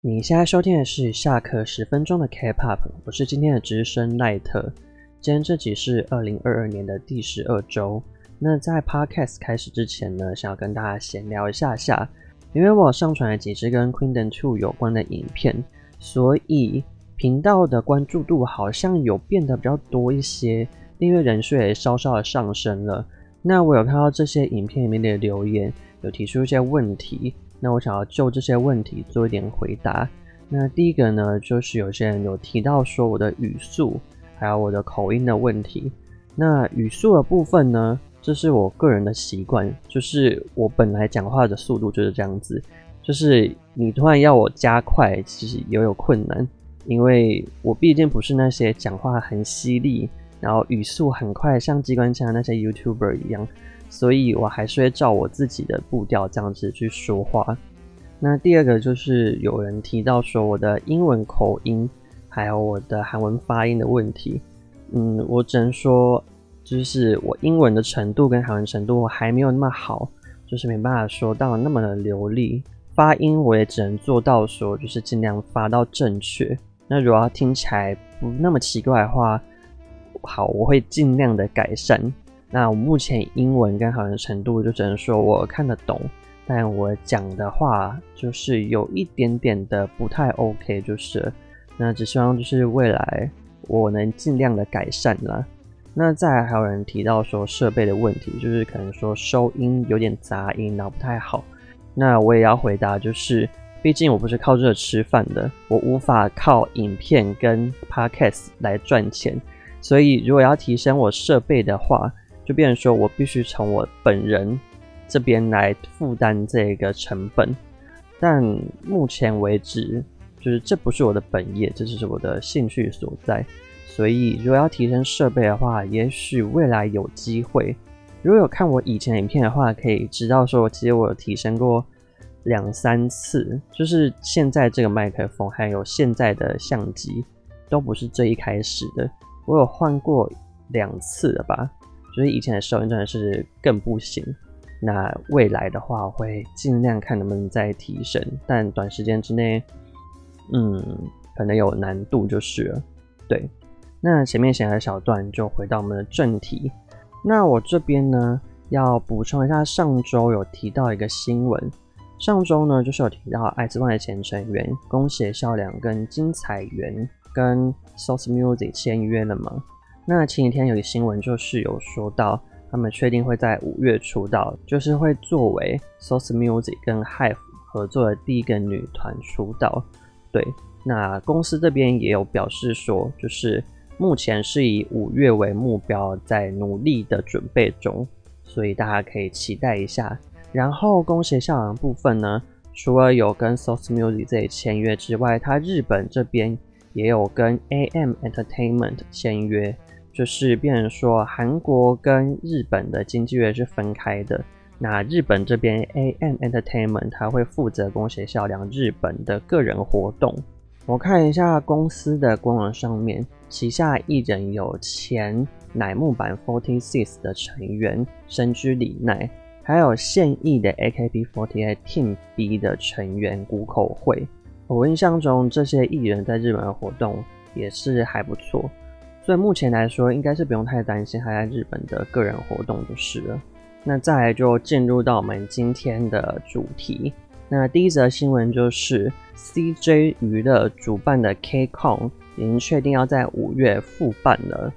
你現在收聽的是下課十分鐘的 K-pop，我是今天的直升賴特。今天這集是二零二二年的第十二周。那在 podcast 開始之前呢，想要跟大家閒聊一下下，因為我上傳了幾支跟 Queendom 2有關的影片，所以頻道的關注度好像有變得比較多一些，訂閱人數也稍稍的上升了。那我有看到這些影片裡面的留言，有提出一些問題。那我想要就這些問題做一點回答。那第一個呢，就是有些人有提到說我的語速還有我的口音的問題。那語速的部分呢，這是我個人的習慣，就是我本來講話的速度就是這樣子，就是你突然要我加快，其實也有困難，因為我畢竟不是那些講話很犀利，然後語速很快像機關槍那些 YouTuber 一樣。所以，我還是會照我自己的步調這樣子去說話。那第二個就是有人提到說我的英文口音，還有我的韓文發音的問題。嗯，我只能說，就是我英文的程度跟韓文程度還沒有那麼好，就是沒辦法說到那麼的流利。發音我也只能做到說，就是盡量發到正確。那如果要聽起來不那麼奇怪的話，好，我會盡量的改善。那目前英文跟好的程度就只能說，我看得懂，但我講的話就是有一點點的不太 OK，就是那只希望就是未來我能儘量的改善啦。那再來還有人提到說設備的問題，就是可能說收音有點雜音然後不太好。那我也要回答，就是畢竟我不是靠這吃飯的，我無法靠影片跟 Podcast 來賺錢，所以如果要提升我設備的話。就變成說，我必須從我本人這邊來負擔這個成本。但目前為止，就是這不是我的本業，這就是我的興趣所在。所以，如果要提升設備的話，也許未來有機會。如果有看我以前的影片的話，可以知道說，其實我有提升過兩三次，就是現在這個麥克風還有現在的相機都不是最一開始的，我有換過兩次了吧。所、就、以、是、以前的時候年真的是更不行，那未來的話會盡量看能不能再提升，但短時間之內，嗯，可能有難度就是了。對，那前面寫的小段就回到我們的正題。那我這邊呢要補充一下，上周有提到一個新聞，上周呢就是有提到艾滋 o 的前成員恭喜笑良跟金彩媛跟 Source Music 簽約了嗎？那前幾天有個新聞，就是有說到他們確定會在五月出道，就是會作為 Source Music 跟 HYBE 合作的第一個女團出道。對，那公司這邊也有表示說，就是目前是以五月為目標，在努力的準備中，所以大家可以期待一下。然後宮脇咲良部分呢，除了有跟 Source Music 簽約之外，他日本這邊也有跟 AM Entertainment 簽約。就是變成說韓國跟日本的經紀約是分開的，那日本這邊 A M Entertainment 他會負責宮脇咲良日本的個人活動。我看一下公司的官網上面，旗下藝人有前乃木坂 forty six 的成員深居里奈，還有現役的 A K B forty eight Team B 的成員谷口惠。我印象中這些藝人在日本的活動也是還不錯。對，目前來說，應該是不用太擔心他在日本的個人活動，就是了。那再來就進入到我們今天的主題。那第一則新聞就是 CJ 娛樂主辦的 KCON 已經確定要在五月復辦了。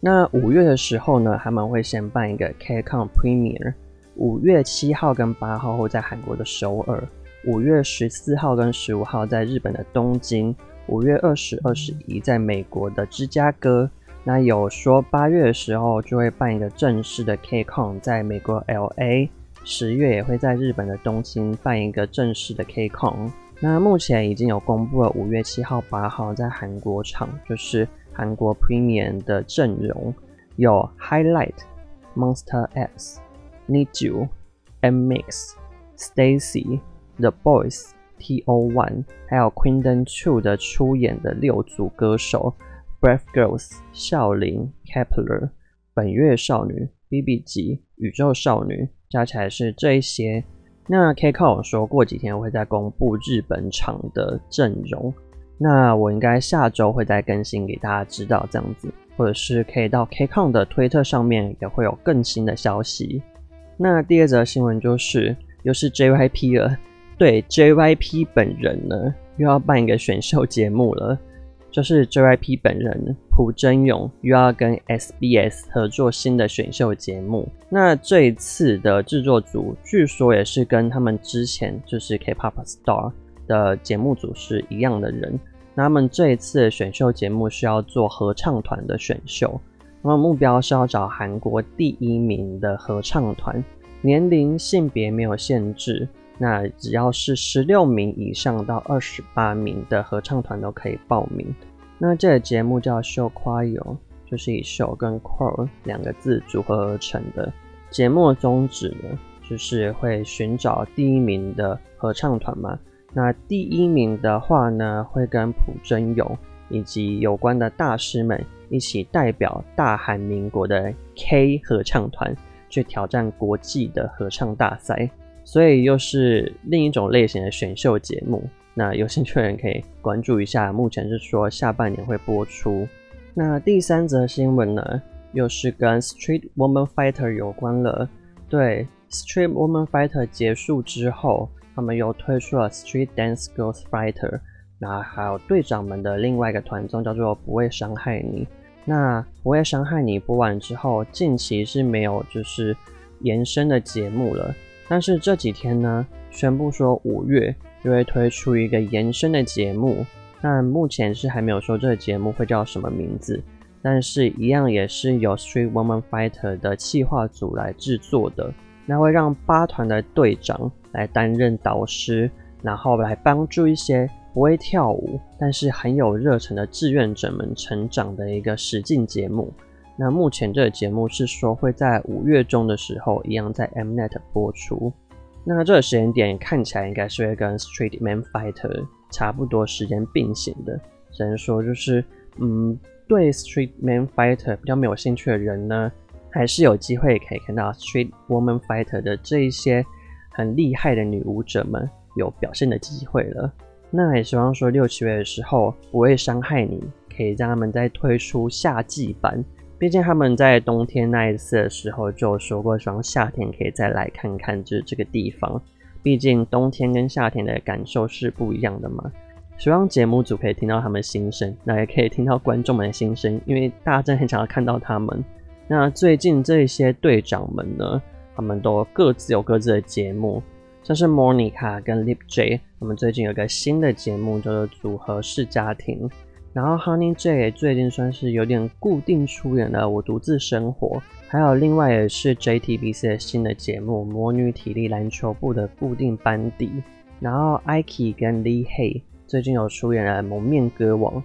那五月的時候呢，他們會先辦一個 KCON Premier，五月七號跟八號會在韓國的首爾，五月十四號跟十五號在日本的東京。五月二十二十一，在美國的芝加哥。那有說八月的時候就會辦一個正式的 KCON，在美國 LA。十月也會在日本的東京辦一個正式的 KCON。那目前已經有公布了五月七號、八號在韓國場，就是韓國 Premium 的陣容有 Highlight、Monster X、Need u o u MIX、Stacy、The Boys。T.O.1，還有 Quinten Two 的出演的六組歌手，Brave Girls、笑林、Kep1er、本月少女、BBG、宇宙少女，加起來是這一些。那 KCON 說過幾天會再公布日本場的陣容，那我應該下週會再更新給大家知道這樣子，或者是可以到 KCON 的推特上面也會有更新的消息。那第二則新聞就是又是 JYP 了。對 JYP 本人呢，又要辦一個選秀節目了，就是 JYP 本人朴軫永又要跟 SBS 合作新的選秀節目。那這一次的制作組據說也是跟他們之前就是 K-pop Star 的節目組是一樣的人。那他們這一次的選秀節目是要做合唱團的選秀，那麼目標是要找韓國第一名的合唱團，年齡性別沒有限制。那只要是十六名以上到二十八名的合唱團都可以報名。那這個節目叫 “Show Choir”，就是以 “Show” 跟 “Choir” 兩個字組合而成的。節目宗旨呢，就是會尋找第一名的合唱團嘛。那第一名的話呢，會跟朴真勇以及有關的大師們一起代表大韓民國的 K 合唱團去挑戰國際的合唱大賽。所以又是另一種類型的選秀節目，那有興趣的人可以關注一下。目前是說下半年會播出。那第三則新聞呢，又是跟 Street Woman Fighter 有關了。對，Street Woman Fighter 結束之後，他們又推出了 Street Dance Girls Fighter。那還有隊長們的另外一個團綜叫做《不會傷害你》。那《不會傷害你》播完之後，近期是沒有就是延伸的節目了。但是這幾天呢，宣布說五月就會推出一個延伸的節目，但目前是還沒有說這個節目會叫什麼名字。但是，一樣也是由 Street Woman Fighter 的企劃組來制作的。那會讓八團的隊長來擔任導師，然後來幫助一些不會跳舞但是很有熱忱的志願者們成長的一個實境節目。那目前這個節目是說會在五月中的時候一樣在 Mnet 播出，那這個時間點看起來應該是會跟 Street Man Fighter 差不多時間並行的，只能說就是，嗯，對 Street Man Fighter 比較沒有興趣的人呢，還是有機會可以看到 Street Woman Fighter 的這一些很厲害的女舞者們有表現的機會了。那也希望說六七月的時候不會傷害你，可以讓他們再推出夏季版。最近他們在冬天那一次的時候就說過，希望夏天可以再來看看就是這個地方。畢竟冬天跟夏天的感受是不一樣的嘛。希望節目組可以聽到他們心聲，那也可以聽到觀眾們的心聲，因為大家真的很想要看到他們。那最近這些隊長們呢，他們都各自有各自的節目，像是 Monica 跟 Lip J，他們最近有個新的節目叫做“就是、組合式家庭”。然後 Honey J 最近算是有點固定出演了《我獨自生活》，還有另外也是 JTBC 的新的節目《魔女體力籃球部》的固定班底。然後 Aiki 跟 Lee Hey 最近有出演了《蒙面歌王》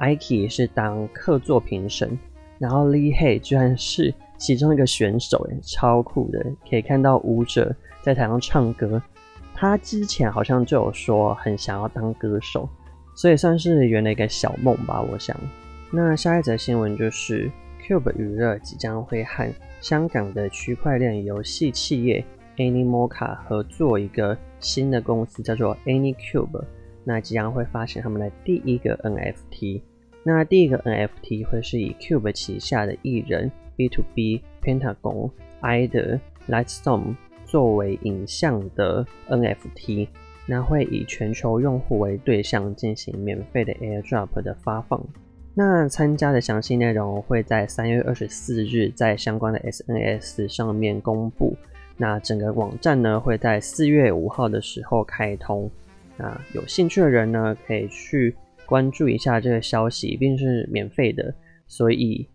，Aiki 是當客座評審，然後 Lee Hey 居然是其中一個選手，哎，超酷的！可以看到舞者在台上唱歌，他之前好像就有說很想要當歌手。所以算是圓了一個小夢吧，我想。那下一則新聞就是，Cube 娛樂即將會和香港的區塊鏈遊戲企業 AnyMocha 合作一個新的公司，叫做 AnyCube。那即將會發行他們的第一個 NFT。那第一個 NFT 會是以 Cube 旗下的藝人 B2B Penta g o n Ide、Lightstorm 作為影像的 NFT。那會以全球用戶為對象進行免費的 AirDrop 的發放。那參加的詳細內容會在三月二十四日在相關的 SNS 上面公布，那整個網站呢會在四月五號的時候開通。那有興趣的人呢，可以去關注一下這個消息，一定是免費的，所以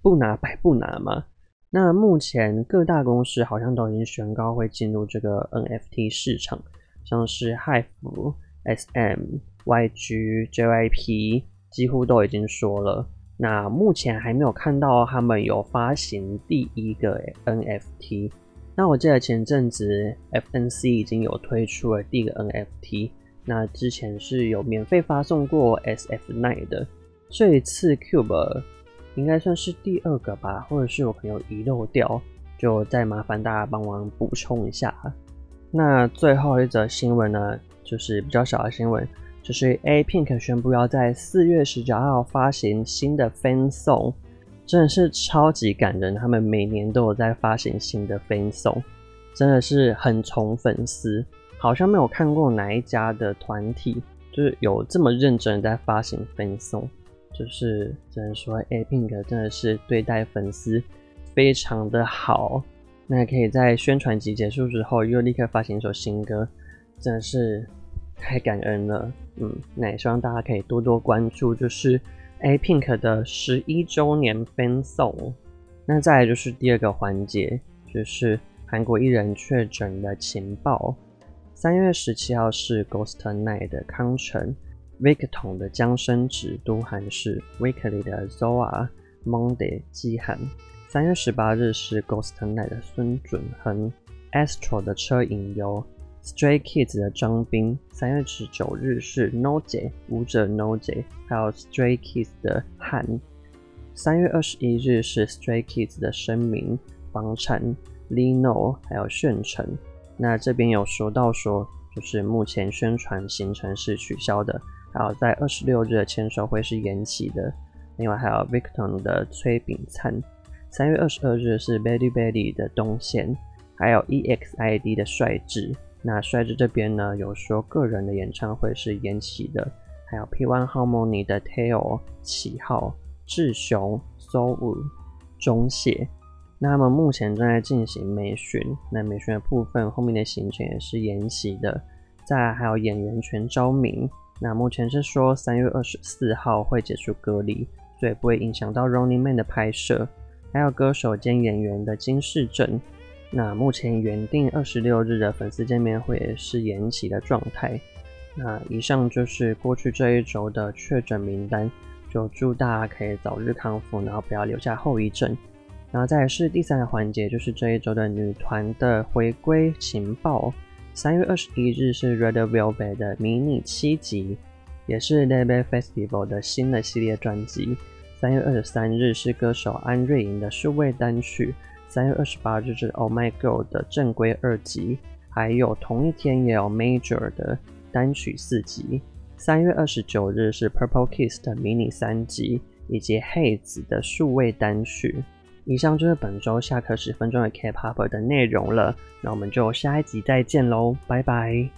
不拿白不拿嘛。那目前各大公司好像都已經宣告會進入這個 NFT 市場。像是 HYBE、S M、Y G、J Y P，幾乎都已經說了。那目前還沒有看到他們有發行第一個 N F T。那我記得前陣子 F N C 已經有推出了第一個 N F T。那之前是有免費發送過 S F 9的。這一次 Cube 應該算是第二個吧，或者是有朋友遺漏掉，就再麻煩大家幫忙補充一下。那最後一則新聞呢，就是比較小的新聞，就是 APINK 宣布要在四月十九號發行新的 Fan Song，真的是超級感人。他們每年都有在發行新的 Fan Song，真的是很寵粉絲。好像沒有看過哪一家的團體就是有這麼認真的在發行 Fan Song，就是只能說 APINK 真的是對待粉絲非常的好。那可以在宣傳集結束之後又立刻發行一首新歌，真的是太感恩了。嗯，那也希望大家可以多多關注，就是 A Pink 的十一周年 Fan Song。那再來就是第二個環節，就是韓國藝人確診的情報。三月十七號是 Ghost Night 的康城 Victon 的薑昇植都含是 Weekly 的 Zoa Monday Jihan 三月十八日是 GHOST9 的孫准亨，ASTRO 的車銀優，Stray Kids 的張彬。三月十九日是 NOZE 舞者 NOZE，還有 Stray Kids 的漢。三月二十一日是 Stray Kids 的申明、房產 Lee Know 還有炫成。那這邊有說到說，就是目前宣傳行程是取消的，還有在二十六日的簽售會是延期的。另外還有 Victor 的崔炳燦。三月二十二日是 VERIVERY 的東賢，還有 EXID 的率智。那率智這邊呢，有說個人的演唱會是延期的，還有 P1Harmony 的 Theo、啟浩、智雄、Soul、鍾燮。那他們目前正在進行美巡。那美巡的部分後面的行程也是延期的。再來還有演員全昭旻，那目前是說三月二十四號會解除隔離，所以不會影響到 Running Man 的拍攝。還有歌手兼演員的金世正，那目前原定二十六日的粉絲見面會是延期的狀態。那以上就是過去這一周的確診名單，就祝大家可以早日康復，然後不要留下後遺症。那再來是第三個環節，就是這一周的女團的回歸情報。三月二十一日是 Red Velvet 的迷你七輯，也是 ReVe Festival 的新的系列專輯。三月二十三日是歌手安瑞穎的數位單曲，三月二十八日是《Oh My Girl》的正規二輯，還有同一天也有 Major 的單曲四輯。三月二十九日是 Purple Kiss 的迷你三輯以及 Heize 的數位單曲。以上就是本周下課十分鐘的 K-pop 的內容了，那我們就下一集再見嘍，拜拜。